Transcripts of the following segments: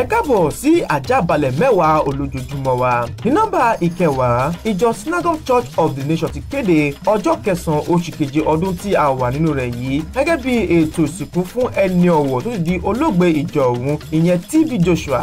ẹ káàbọ̀ sí si àjábalẹ̀ mẹ́wàá olójoojúmọ́ wa ní nọ́mbà ìkẹwàá ìjọ synagogue church of the nation ti kéde ọjọ́ kẹsàn-án oṣù keje ọdún tí a wà nínú rẹ̀ yìí gẹ́gẹ́ bí ètò ìsìnkú fún ẹni ọ̀wọ̀ tó ti di olóògbé ìjọ ọ̀hún ìyẹn tv Joshua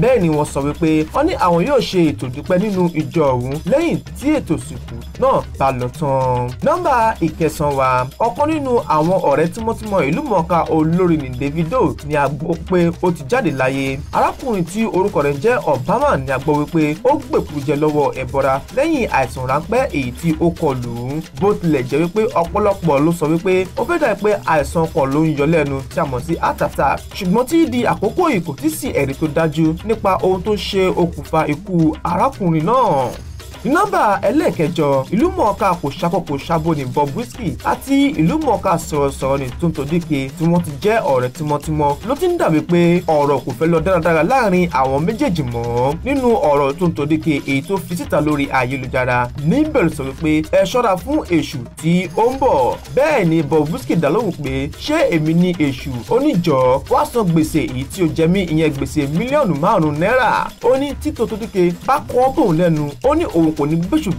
bẹ́ẹ̀ ni wọ́n sọ wípé wọ́n ní àwọn yóò ṣe ètò ìdúpẹ́ nínú ìjọ ọ̀hún lẹ́yìn tí ètò ìsìnkú náà bá lọ tán nọ́mbà ìkẹsàn-án wa ọ̀kan nínú àwọn ọ̀rẹ́ tímọ́tímọ́ ìlúmọ̀ọ́ká olórin ní Davido ni a gbọ́ pé ó ti jáde láyé arákùnrin tí orúkọ rẹ̀ ń jẹ́ Obama ni a gbọ́ wípé ó gbèkújẹ lọ́wọ́ ẹ̀bọra lẹ́yìn àìsàn ráńpẹ́ èyí tí ó kọ lù ú bó tilẹ̀ jẹ́ wípé ọ̀pọ̀lọpọ̀ ló sọ wípé ó fẹ́ dà pé àìsàn kan ló ń yọ lẹ́nu tí a mọ̀ sí heart attack ṣùgbọ́n tí di àkókò yìí kò tíì sí ẹ̀rí tó dájú nípa ohun tó ṣe okùnfà ikú arákùnrin náà nọ́mbà ẹlẹ́ẹ̀kẹjọ ìlúmọ̀ọ́ká kò ṣàkókò ṣàbò ní Bob whisky àti ìlúmọ̀ọ́ká sọ̀rọ̀sọ̀rọ̀ ní Tonto Dike tí wọ́n ti jẹ́ ọ̀rẹ́ tímọ́tímọ́ ló ti ń dàbí pé ọ̀rọ̀ kò fẹ́ lọ dáradára láàrin àwọn méjèèjì mọ́ nínú ọ̀rọ̀ Tonto Dike èyí tó fi síta lórí ayélujára níbẹ̀ ló sọ wípé ẹ ṣọ́ra fún èṣù tí ó ń bọ̀ bẹ́ẹ̀ ni Bob whisky dá lóhùn pé ṣé èmi ni èṣù oníjọ́ wá san gbèsè èyí tí ó jẹ mí ìyẹn gbèsè mílíọ̀nù márùn-ún náírà ó ní tí Tonto Dike bá kọ́ bòun lẹ́nu ó ní òun kò ní bẹ́sù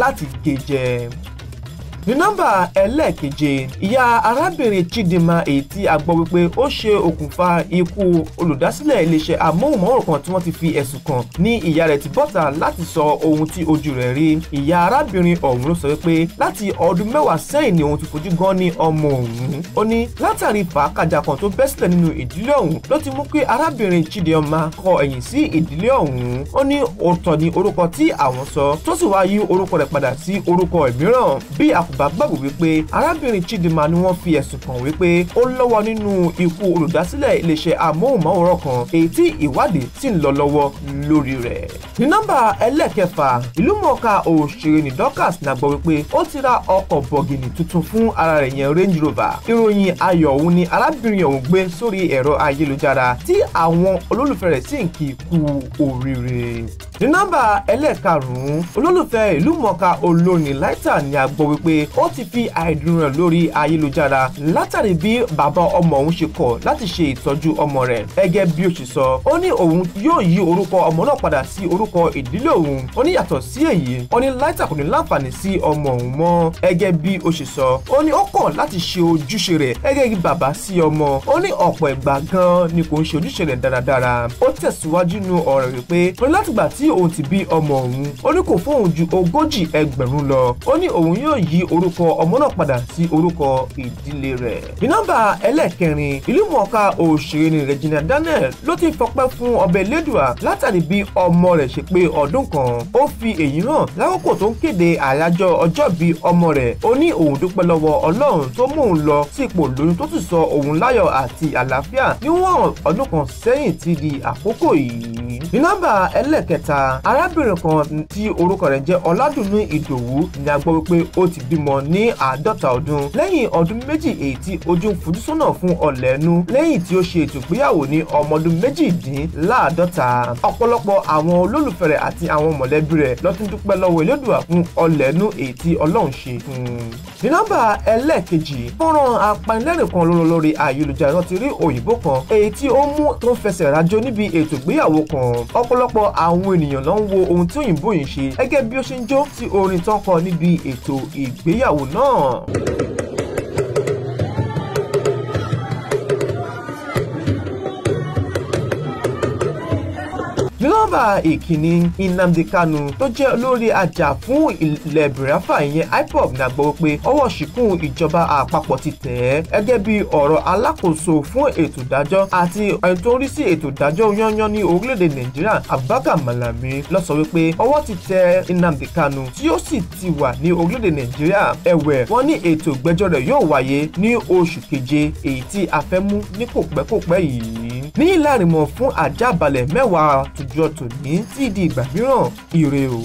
láti gé jẹ ní nọ́mbà ẹlẹ́ẹ̀keje ìyá arábìnrin Chidinma èyí tí a gbọ́ wípé ó ṣe okùnfà ikú olùdásílẹ̀ iléeṣẹ́ amóhùnmáwòrán kan tí wọ́n ti fi ẹ̀sùn kàn ní ìyá rẹ̀ ti bọ́ta láti sọ ohun tí ojú rẹ̀ rí ìyá arábìnrin ọ̀hún ló sọ wípé láti ọdún mẹ́wàá sẹ́yìn ni òun ti fojú gan ni ọmọ òun ó ní látàrí fàákàjà kan tó bẹ́ sílẹ̀ nínú ìdílé ọ̀hún ló ti mú kí arábìnrin Chidinma kọ ẹ̀yìn sí ìdílé ọ̀hún ó bá gbàgbọ́ wípé arábìnrin Chidinma ni wọ́n fi ẹ̀sùn kàn wípé ó lọ́wọ́ nínú ikú olùdásílẹ̀ iléeṣẹ́ amóhùnmáwòrán kan èyí tí ìwádìí sì ń lọ lọ́wọ́ lórí rẹ̀. ní nọ́mbà ẹlẹ́kẹfà ìlúmọ̀ọ́ká òṣèré ní Dorcas nàgbọ́ wípé ó ti ra ọkọ̀ bọ̀gìnì tuntun fún ara rẹ̀ yẹn Range Rover ìròyìn ayọ̀ òun ni arábìnrin ọ̀hún gbé sórí ẹ̀rọ ayélujára tí àwọn olólùfẹ́ rẹ̀ sì ń kí i kú oríire ní nọ́mbà ẹlẹ́karùn-ún olólùfẹ́ ìlúmọ̀ọ́ká olórin láìta ni a gbọ́ wípé pé ó ti fi àìdùn rẹ̀ lórí ayélujára látàrí bí bàbá ọmọ òun ṣe kọ̀ láti ṣe ìtọ́jú ọmọ rẹ̀ gẹ́gẹ́ bí ó ṣe sọ ó ní òun yóò yí orúkọ ọmọ náà padà sí orúkọ ìdílé òun ó ní yàtọ̀ sí èyí ó ní láìta kò ní láǹfààní sí ọmọ òun mọ́ gẹ́gẹ́ bí ó ṣe sọ ó ní ó kọ̀ láti ṣe ojúṣe rẹ̀ gẹ́gẹ́ bí bàbá sí ọmọ ó ní ọ̀pọ̀ ìgbà gan ni kò ń ṣe ojúṣe rẹ̀ dáradára ó tẹ̀síwájú nínú ọ̀rọ̀ rẹ̀ pé ó ní látìgbà tí òun ti bí ọmọ òun ó ní kò fóun ju ogójì ẹgbẹ̀rún lọ ó ní òun yóò yí orúkọ ọmọ náà padà sí orúkọ ìdílé rẹ̀. ní nọ́mbà ẹlẹ́ẹ̀kẹrin ìlúmọ̀ọ́ká òṣèré ni Regina Daniel ló ti fọpẹ́ fún ọbẹ̀ elédùà látàrí bí ọmọ rẹ̀ ṣe pé ọdún kan ó fi èyí hàn lákòókò tó ń kéde àyájọ́ ọjọ́bí ọmọ rẹ̀ ó ní òun dúpẹ́ lọ́wọ́ ọlọ́run tó mú òun lọ sí ipò lóyún tó sì sọ òun láyọ̀ àti àlàáfíà níwọ̀n ọdún kan sẹ́yìn ti di àkókò yìí ní nọ́mbà ẹlẹ́kẹta arábìnrin kan tí orúkọ rẹ̀ jẹ́ ọládùnú ìdòwú ni a gbọ́ wípé ó ti bímọ mọ̀ ní àádọ́ta ọdún lẹ́yìn ọdún méjì èyí tí ojú ń fojú sọ́nà fún ọ̀lẹ́ ẹnu lẹ́yìn tí ó ṣe ètò ìgbéyàwó ní ọmọdún méjìdínláàdọ́ta ọ̀pọ̀lọpọ̀ àwọn olólùfẹ́ rẹ̀ àti àwọn mọ̀lẹ́bí rẹ̀ lọ́tún dúpẹ́ lọ́wọ́ elédùà fún ọ̀lẹ́ ẹnu èyí tí ọlọ́run ṣe fún ní nọ́mbà ẹlẹ́ẹ̀kejì fọ́nrán apanilẹ́rìn kan lórí ayélujára ti rí òyìnbó kan èyí tí ó mú tó ń fẹsẹ̀ rájọ níbi ètò kan ọ̀pọ̀lọpọ̀ àwọn ènìyàn ló ń wo ohun tí òyìnbó yìí ṣe gẹ́gẹ́ Yeah uno gílọ́ọ̀bà ìkíní Nnamdi Kanu tó jẹ́ olórí àjà fún ilẹ̀ bìràfà ìyẹn IPOB náà gbọ́ pé ọwọ́ ṣìkún ìjọba àpapọ̀ ti tẹ̀ ẹ́ gẹ́gẹ́ bí ọ̀rọ̀ alákòóso fún ètò ìdájọ́ àti ẹni tó ń rí sí ètò ìdájọ́ yányán ní orílẹ̀-èdè Nàìjíríà Abubakar Malami ló sọ wípé ọwọ́ ti tẹ Nnamdi Kanu tí ó sì ti wà ní orílẹ̀-èdè Nàìjíríà ẹ̀wẹ̀ wọ́n ní ètò ìgbẹ́jọ́ rẹ̀ yóò wáyé ní oṣù keje èyí tí a fẹ́ mú ní kòpẹ́kòpẹ́ yìí ní ìlàrìmọ̀ fún àjábalẹ̀ mẹ́wàá àtijọ́ tòní tí di ìgbà mìíràn ire o.